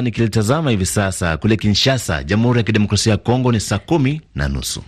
Nikilitazama hivi sasa kule Kinshasa, Jamhuri ya Kidemokrasia ya Kongo, ni saa kumi na nusu.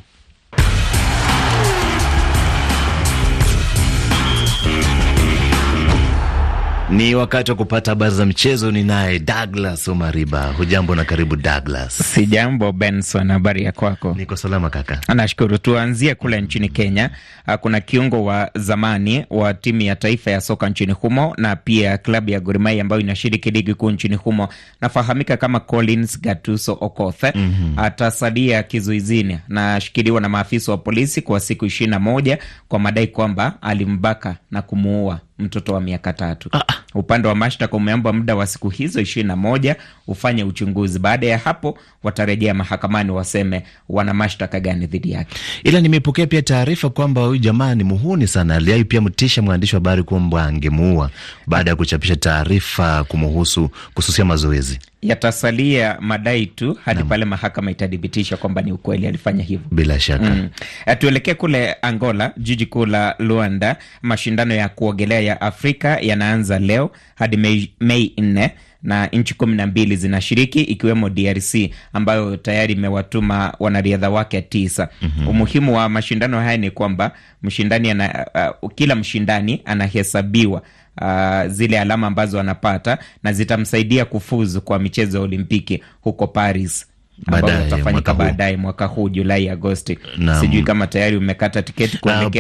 Ni wakati wa kupata habari za mchezo. Ni naye Douglas Omariba. Hujambo na karibu Douglas. jambo Benson, habari ya kwako? Niko salama kaka, nashukuru. Tuanzie kule nchini Kenya. Ah, kuna kiungo wa zamani wa timu ya taifa ya soka nchini humo na pia klabu ya Gor Mahia ambayo inashiriki ligi kuu nchini humo, nafahamika kama Collins Gatuso Okoth mm -hmm. atasalia kizuizini, nashikiliwa na maafisa wa polisi kwa siku ishirini na moja kwa madai kwamba alimbaka na kumuua mtoto wa miaka tatu. Ah, ah, upande wa mashtaka umeomba muda wa siku hizo ishirini na moja ufanye uchunguzi. Baada ya hapo watarejea mahakamani waseme wana mashtaka gani dhidi yake. Ila nimepokea pia taarifa kwamba huyu jamaa ni muhuni sana, aliai pia mtisha mwandishi wa habari kwamba angemuua baada ya kuchapisha taarifa kumuhusu kususia mazoezi yatasalia madai tu hadi pale mahakama itathibitisha kwamba ni ukweli alifanya hivyo. Bila shaka mm. Eh, tuelekee kule Angola, jiji kuu la Luanda. Mashindano ya kuogelea ya Afrika yanaanza leo hadi Mei nne na nchi kumi na mbili zinashiriki ikiwemo DRC ambayo tayari imewatuma wanariadha wake tisa. mm -hmm. Umuhimu wa mashindano haya ni kwamba mshindani ana, uh, kila mshindani anahesabiwa uh, zile alama ambazo anapata na zitamsaidia kufuzu kwa michezo ya Olimpiki huko Paris ambayo utafanyika baadaye mwaka huu Julai, Agosti. Sijui kama tayari umekata tiketi ah,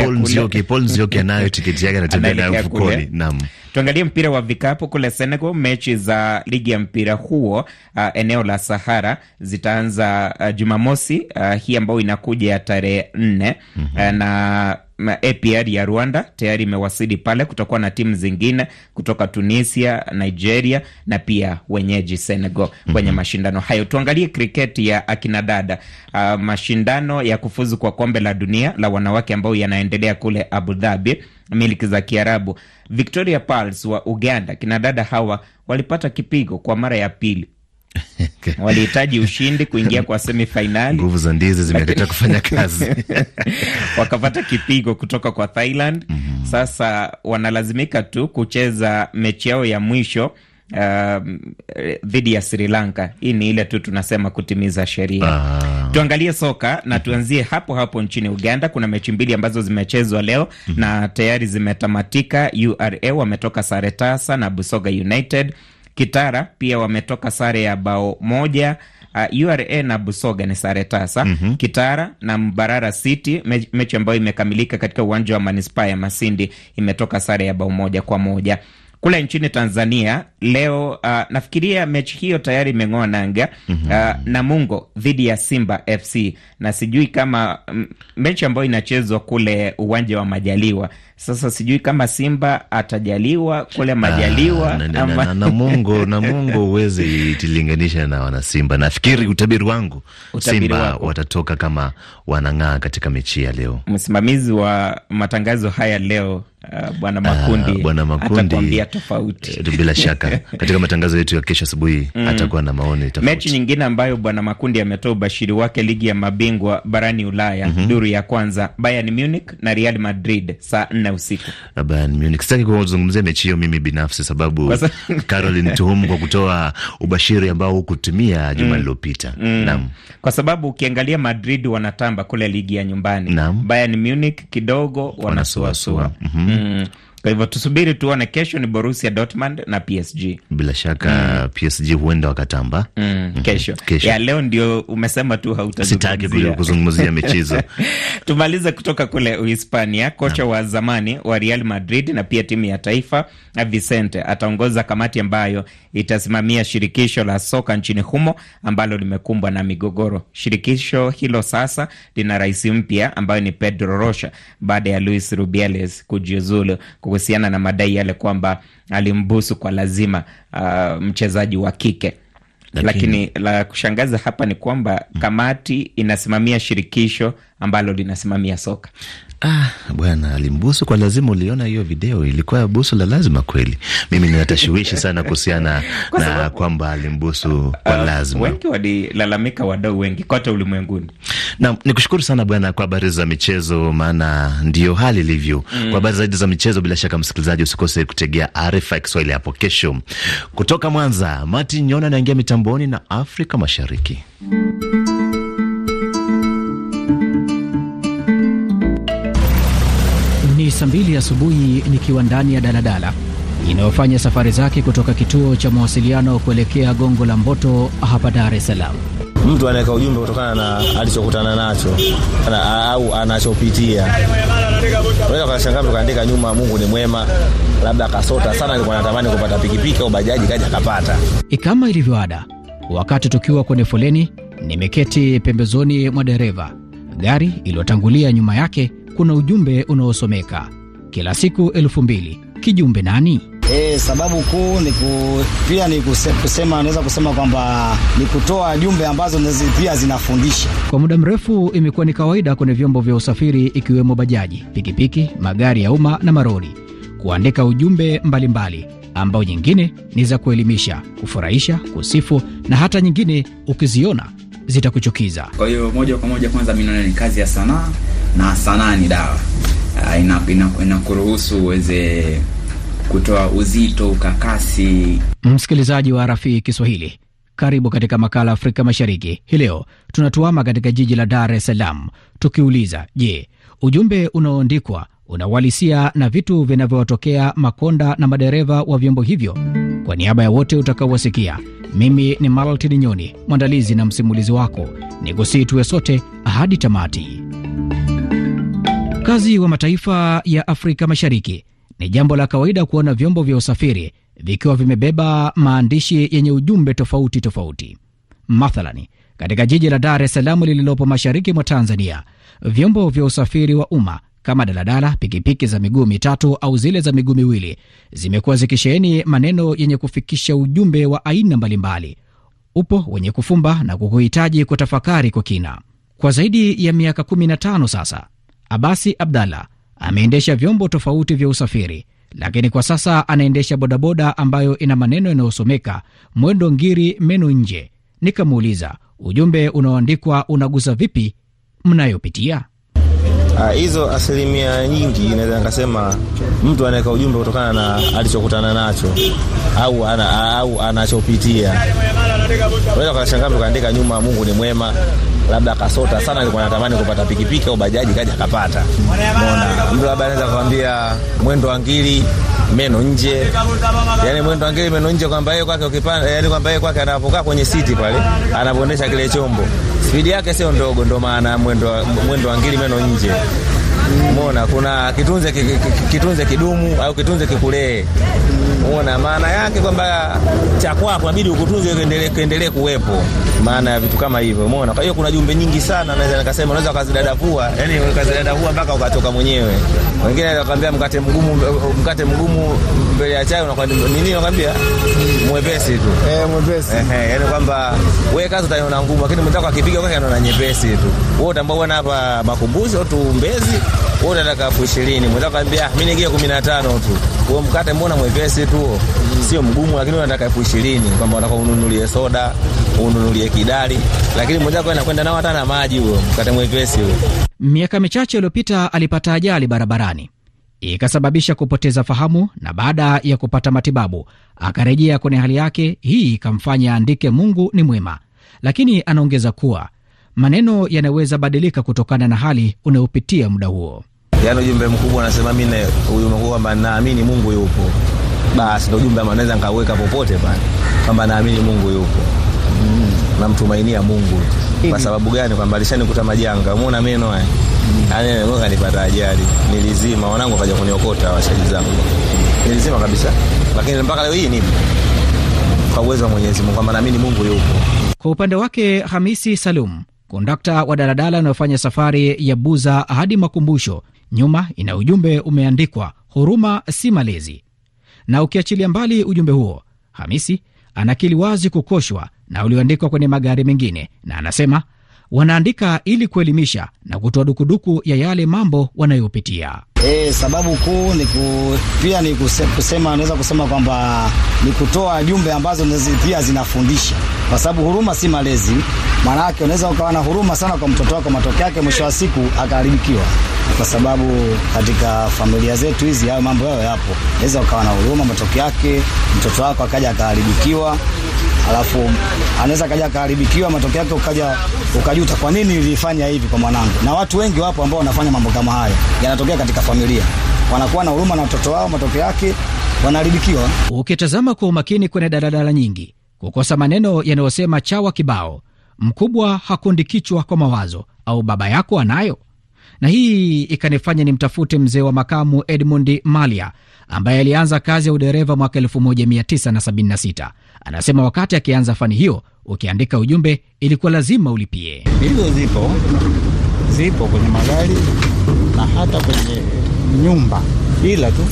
Tuangalie mpira wa vikapu kule Senegal. Mechi za ligi ya mpira huo uh, eneo la Sahara zitaanza uh, Jumamosi uh, hii ambayo inakuja ya tarehe nne mm -hmm. uh, na APR ya Rwanda tayari imewasili pale. Kutakuwa na timu zingine kutoka Tunisia, Nigeria na pia wenyeji Senegal kwenye mm -hmm. mashindano hayo. Tuangalie kriketi ya akina dada. Uh, mashindano ya kufuzu kwa kombe la dunia la wanawake ambayo yanaendelea kule Abu Dhabi, miliki za Kiarabu. Victoria Pearls wa Uganda, kina dada hawa walipata kipigo kwa mara ya pili walihitaji ushindi kuingia kwa semifinali. Nguvu za ndizi zimekataa kufanya kazi wakapata kipigo kutoka kwa Thailand. mm -hmm. Sasa wanalazimika tu kucheza mechi yao ya mwisho um, dhidi uh, ya Sri Lanka. Hii ni ile tu tunasema kutimiza sheria. ah. Tuangalie soka na mhm. tuanzie hapo hapo nchini Uganda. Kuna mechi mbili ambazo zimechezwa leo mm -hmm. na tayari zimetamatika. URA wametoka sare tasa na Busoga United Kitara pia wametoka sare ya bao moja. Uh, URA na Busoga ni sare tasa. mm -hmm. Kitara na Mbarara City me, mechi ambayo imekamilika katika uwanja wa manispaa ya Masindi imetoka sare ya bao moja kwa moja. Kule nchini Tanzania leo uh, nafikiria mechi hiyo tayari imeng'oa nanga mm -hmm. uh, Namungo dhidi ya Simba FC na sijui kama mm, mechi ambayo inachezwa kule uwanja wa Majaliwa sasa sijui kama Simba atajaliwa kule ah, majaliwa na, ama... na, na, na Mungu na Mungu uwezi itilinganisha na wana Simba. Nafikiri utabiri wangu utabiri Simba wako, watatoka kama wanang'aa katika mechi ya leo. Msimamizi wa matangazo haya leo uh, ah, Bwana Makundi, uh, Bwana Makundi tofauti eh, bila shaka katika matangazo yetu ya kesho asubuhi mm, atakuwa na maoni tofauti. Mechi nyingine ambayo Bwana Makundi ametoa ubashiri wake, ligi ya mabingwa barani Ulaya, mm -hmm. duru ya kwanza Bayern Munich na Real Madrid saa nne usiku na Bayern Munich. Sitaki kuzungumzia mechi hiyo mimi binafsi, sababu Caroline Tuhum kwa kutoa ubashiri ambao hukutumia juma mm. lililopita. Mm. Mm. Naam, kwa sababu ukiangalia Madrid wanatamba kule ligi ya nyumbani. Bayern Munich kidogo wanasuasua. Wana mm -hmm. mm. Kwa hivyo tusubiri tuone, kesho ni Borussia Dortmund na PSG. Bila shaka mm. PSG huenda wakatamba mm. Mhm, kesho. kesho ya leo ndio umesema tu hautazungumzia. kuzungumzia michezo tumalize kutoka kule Uhispania. Kocha na wa zamani wa Real Madrid na pia timu ya taifa Vicente ataongoza kamati ambayo itasimamia shirikisho la soka nchini humo ambalo limekumbwa na migogoro. Shirikisho hilo sasa lina rais mpya ambayo ni Pedro Rocha baada ya Luis Rubiales kujiuzulu kuhusiana na madai yale kwamba alimbusu kwa lazima uh, mchezaji wa kike lakini, lakini la kushangaza hapa ni kwamba mm. kamati inasimamia shirikisho ambalo linasimamia soka. Ah, bwana alimbusu kwa lazima. Uliona hiyo video, ilikuwa busu la lazima kweli. Mimi ninatashuishi sana kuhusiana kwa na kwamba alimbusu ah, kwa uh, Wengi walilalamika, wadau wengi kote ulimwenguni. Na nikushukuru sana bwana kwa habari za michezo, maana ndio hali ilivyo. Mm. Kwa habari zaidi za michezo, bila shaka msikilizaji, usikose kutegea RFI Kiswahili hapo kesho. Kutoka Mwanza, Martin Nyona anaingia mitamboni na Afrika Mashariki. saa mbili asubuhi nikiwa ndani ya daladala inayofanya safari zake kutoka kituo cha mawasiliano kuelekea Gongo la Mboto hapa Dar es Salaam. Mtu anaweka ujumbe kutokana na alichokutana nacho na, au anachopitia. Unaweza kashangaa mtu kaandika nyuma, Mungu ni mwema, labda akasota sana, alikuwa anatamani kupata pikipiki au bajaji, kaja akapata. E, kama ilivyo ada wakati tukiwa kwenye foleni, nimeketi pembezoni mwa dereva, gari iliyotangulia nyuma yake kuna ujumbe unaosomeka kila siku elfu mbili kijumbe nani? E, sababu kuu ni ku, pia ni kuse, kusema naweza kusema kwamba ni kutoa jumbe ambazo pia zinafundisha. Kwa muda mrefu imekuwa ni kawaida kwenye vyombo vya usafiri ikiwemo bajaji, pikipiki, magari ya umma na marori kuandika ujumbe mbalimbali ambao nyingine ni za kuelimisha, kufurahisha, kusifu na hata nyingine ukiziona zitakuchukiza. Kwa hiyo moja kwa moja, kwanza mimi naona ni kazi ya sanaa na sanani dawa. Ah, inakuruhusu ina, uweze kutoa uzito ukakasi. Msikilizaji wa rafiki Kiswahili, karibu katika makala Afrika Mashariki. Hii leo tunatuama katika jiji la Dar es Salaam tukiuliza, je, ujumbe unaoandikwa unawalisia na vitu vinavyotokea makonda na madereva wa vyombo hivyo? Kwa niaba ya wote utakaowasikia, mimi ni Maltini Nyoni, mwandalizi na msimulizi wako, ni kusii tuwe sote hadi tamati. Wakazi wa mataifa ya Afrika Mashariki, ni jambo la kawaida kuona vyombo vya usafiri vikiwa vimebeba maandishi yenye ujumbe tofauti tofauti. Mathalani, katika jiji la Dar es Salaam lililopo mashariki mwa Tanzania, vyombo vya usafiri wa umma kama daladala, pikipiki za miguu mitatu au zile za miguu miwili zimekuwa zikisheheni maneno yenye kufikisha ujumbe wa aina mbalimbali. Upo wenye kufumba na kukuhitaji kutafakari kwa kina. Kwa zaidi ya miaka 15 sasa Abasi Abdalla ameendesha vyombo tofauti vya usafiri, lakini kwa sasa anaendesha bodaboda ambayo ina maneno yanayosomeka mwendo ngiri meno nje. Nikamuuliza ujumbe unaoandikwa unagusa vipi mnayopitia ah, hizo asilimia nyingi inaweza nikasema mtu anaweka ujumbe kutokana na alichokutana nacho au, ana, au anachopitia. Unaweza ukashangaa kaandika nyuma, Mungu ni mwema, labda akasota sana, alikuwa anatamani kupata pikipiki au bajaji, kaja akapata. Mbona mtu labda anaweza kuambia mwendo wa ngili meno nje, yani mwendo angeli meno nje, kwamba yeye kwake ukipanda, yani kwamba yeye kwake anapokaa kwenye siti pale, anapoendesha kile chombo, spidi yake sio ndogo, ndo maana mwendo mwendo angeli meno nje. Umeona, kuna kitunze kitunze kidumu au kitunze kikulee. Umeona maana yake kwamba cha kwako inabidi ukutunze kiendelee kiendelee kuwepo, maana ya vitu kama hivyo. Umeona, kwa hiyo kuna jumbe nyingi sana, naweza nikasema, unaweza ukazidadavua, yani ukazidadavua mpaka ukatoka mwenyewe. Wengine wakaambia mkate mgumu, mkate mgumu mbele ya chai unakuwa nini, nakwambia mwepesi tu eh, mwepesi eh, eh, yani kwamba wewe kazi utaiona ngumu, lakini mwenzako akipiga kwake anaona nyepesi tu. Wewe utambua bwana, hapa Makumbuzi au tu Mbezi, wewe unataka elfu ishirini mwenzako anambia ah, mimi ningia kumi na tano tu wewe mkate mbona mwepesi tu, sio mgumu, lakini unataka elfu ishirini kwamba unataka ununulie soda ununulie kidali, lakini mwenzako anakwenda nao hata na maji, huo mkate mwepesi huo. Miaka michache iliyopita alipata ajali barabarani ikasababisha kupoteza fahamu, na baada ya kupata matibabu akarejea kwenye hali yake. Hii ikamfanya andike Mungu ni mwema, lakini anaongeza kuwa maneno yanaweza badilika kutokana na hali unayopitia muda huo. Yaani ujumbe mkubwa anasema mimi ujumbe kwamba naamini Mungu yupo, basi ndo ujumbe ambao naweza popote pale kwamba naamini Mungu yupo mm. Namtumainia Mungu. Kwa sababu gani? Kwamba alishanikuta majanga, umeona meno haya Yaani nilipata ajali, nilizima, wanangu kaja kuniokota, washaji zangu, nilizima kabisa, lakini mpaka leo hii nipo kwa uwezo wa Mwenyezi Mungu, kwamba naamini Mungu yupo. Kwa upande wake Hamisi Salum, kondakta wa daladala anayofanya safari ya Buza hadi Makumbusho, nyuma ina ujumbe umeandikwa huruma si malezi, na ukiachilia mbali ujumbe huo, Hamisi anakili wazi kukoshwa na ulioandikwa kwenye magari mengine, na anasema wanaandika ili kuelimisha na kutoa dukuduku ya yale mambo wanayopitia. E, sababu kuu ni ku, pia ni kuse, kusema naweza kusema kwamba ni kutoa jumbe ambazo pia zinafundisha, kwa sababu huruma si malezi. Maanake unaweza ukawa na huruma sana kwa mtoto wako, matokeo yake mwisho wa siku akaharibikiwa, kwa sababu katika familia zetu hizi hayo mambo yayo yapo. Unaweza ukawa na huruma, matokeo yake mtoto wako akaja akaharibikiwa alafu anaweza kaja kaharibikiwa, matokeo yake ukaja ukajuta, kwa nini nilifanya hivi kwa mwanangu. Na watu wengi wapo ambao wanafanya mambo kama haya, yanatokea katika familia, wanakuwa na huruma na watoto wao, matokeo yake wanaharibikiwa. Ukitazama kwa umakini kwenye daladala nyingi, kukosa maneno yanayosema chawa kibao, mkubwa hakundi kichwa kwa mawazo, au baba yako anayo na hii ikanifanya nimtafute mzee wa makamu Edmund Malia ambaye alianza kazi ya udereva mwaka 1976. Anasema wakati akianza fani hiyo, ukiandika ujumbe ilikuwa lazima ulipie. Hizo zipo zipo kwenye magari na hata kwenye nyumba, ila tu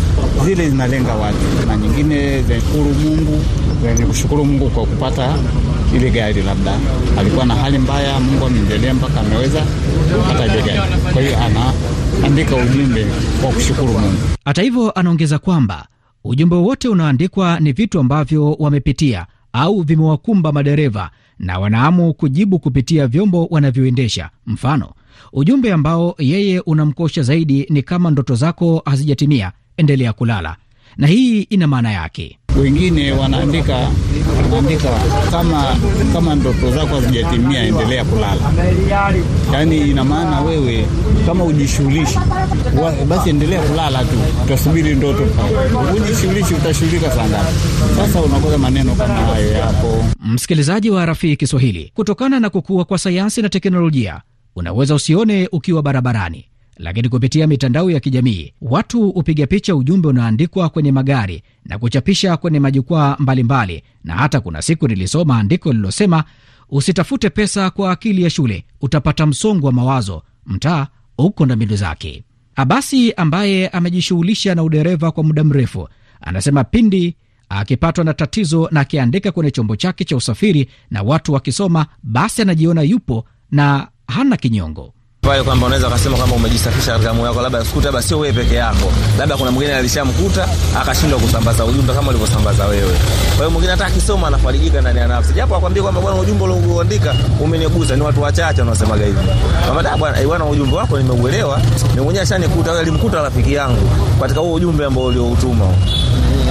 zile zinalenga watu na nyingine zenye Mungu, zenye kushukuru Mungu kwa kupata ile gari labda alikuwa na hali mbaya, Mungu amemjalia mpaka ameweza kupata ile gari. Kwa hiyo anaandika ujumbe kwa kushukuru Mungu. Hata hivyo, anaongeza kwamba ujumbe wote unaoandikwa ni vitu ambavyo wamepitia au vimewakumba madereva na wanaamu kujibu kupitia vyombo wanavyoendesha. Mfano, ujumbe ambao yeye unamkosha zaidi ni kama ndoto zako hazijatimia, endelea kulala. Na hii ina maana yake wengine wanaandika wanaandika kama kama ndoto zako hazijatimia, endelea kulala. Yaani ina maana wewe kama ujishughulishi basi, endelea kulala tu, utasubiri ndoto. Ujishughulishi, utashughulika sana. Sasa unakosa maneno kama hayo yapo. Msikilizaji wa rafiki Kiswahili, kutokana na kukua kwa sayansi na teknolojia unaweza usione ukiwa barabarani, lakini kupitia mitandao ya kijamii watu hupiga picha ujumbe unaandikwa kwenye magari na kuchapisha kwenye majukwaa mbalimbali. Na hata kuna siku nilisoma andiko lililosema usitafute pesa kwa akili ya shule, utapata msongo wa mawazo, mtaa uko na mbindu zake. Abasi ambaye amejishughulisha na udereva kwa muda mrefu anasema pindi akipatwa na tatizo na akiandika kwenye chombo chake cha usafiri na watu wakisoma, basi anajiona yupo na hana kinyongo pale kwamba unaweza ukasema kwamba umejisafisha katika moyo wako, labda sikuta, labda sio wewe peke yako, labda kuna mwingine alishamkuta akashindwa kusambaza ujumbe kama ulivyosambaza wewe. Kwa hiyo mwingine hata akisoma anafarijika ndani ya nafsi, japo akwambia kwamba bwana, ujumbe uliouandika umenigusa. Ni watu wachache wanaosemaga hivi kwamba da bwana, eh, bwana, ujumbe wako nimeuelewa, ni mwenyewe ashanikuta, alimkuta rafiki yangu katika huo ujumbe ambao ulioutuma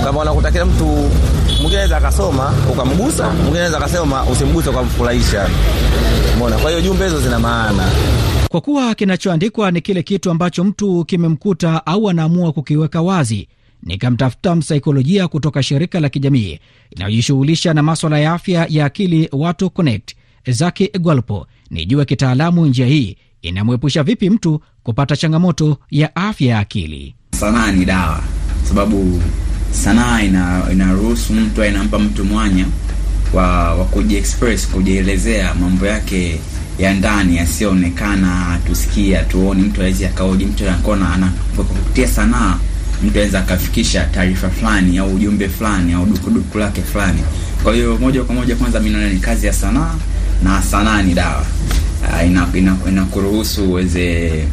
kama anakutakia mtu mwingine anaweza akasoma ukamgusa, mwingine anaweza akasema usimguse ukamfurahisha. Umeona? Kwa hiyo jumbe hizo zina maana kwa kuwa kinachoandikwa ni kile kitu ambacho mtu kimemkuta au anaamua kukiweka wazi. Nikamtafuta msaikolojia kutoka shirika la kijamii inayojishughulisha na maswala ya afya ya akili Watu Connect, Zaki Egwalpo, nijue kitaalamu njia hii inamwepusha vipi mtu kupata changamoto ya afya ya akili. Sanaa ni dawa, sababu sanaa ina inaruhusu mtu, inampa mtu mwanya wa, wa kujiexpress, kujielezea mambo yake ya ndani yasiyoonekana, tusikia tuone. Mtu awezi akaoji, mtu anakona kupitia sanaa, mtu anaweza akafikisha taarifa fulani au ujumbe fulani au dukuduku lake fulani. Kwa hiyo moja kwa moja, kwanza mimi ni kazi ya sanaa, na sanaa ni dawa inakuruhusu ina, ina uweze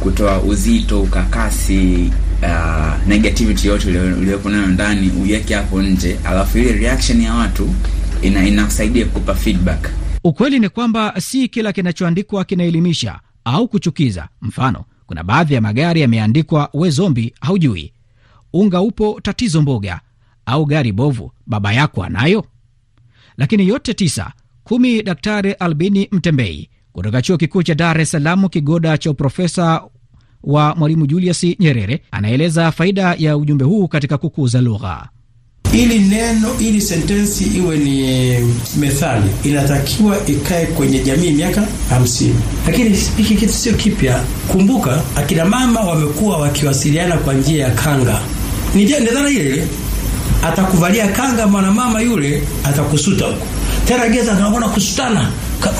kutoa uzito, ukakasi uh, negativity yote uliyokuwa nayo ndani uiweke hapo nje, alafu ile reaction ya watu ina inasaidia kukupa feedback. Ukweli ni kwamba si kila kinachoandikwa kinaelimisha au kuchukiza. Mfano, kuna baadhi ya magari yameandikwa we zombi, haujui unga upo, tatizo mboga, au gari bovu, baba yako anayo. Lakini yote tisa kumi, Daktari Albini Mtembei kutoka chuo kikuu cha Dar es Salaam, kigoda cha uprofesa wa Mwalimu Julius Nyerere anaeleza faida ya ujumbe huu katika kukuza lugha. Ili neno ili sentensi iwe ni methali, inatakiwa ikae kwenye jamii miaka hamsini. Lakini hiki kitu sio kipya. Kumbuka akina mama wamekuwa wakiwasiliana kwa njia ya kanga, ni dhana ile ile. Atakuvalia kanga mwanamama yule, atakusuta huko tena, geza anaona kusutana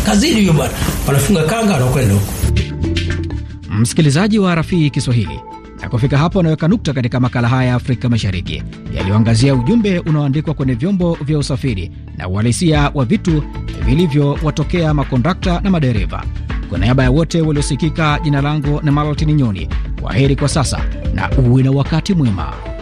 kazini, huyo bwana wanafunga kanga, anakwenda huko Msikilizaji wa Rafii Kiswahili, na kufika hapo anaweka nukta katika makala haya ya Afrika Mashariki yaliyoangazia ujumbe unaoandikwa kwenye vyombo vya usafiri na uhalisia wa vitu vilivyowatokea makondakta na madereva. Kwa niaba ya wote waliosikika, jina langu ni Maltini Nyoni. heri kwa sasa na uwe na wakati mwema.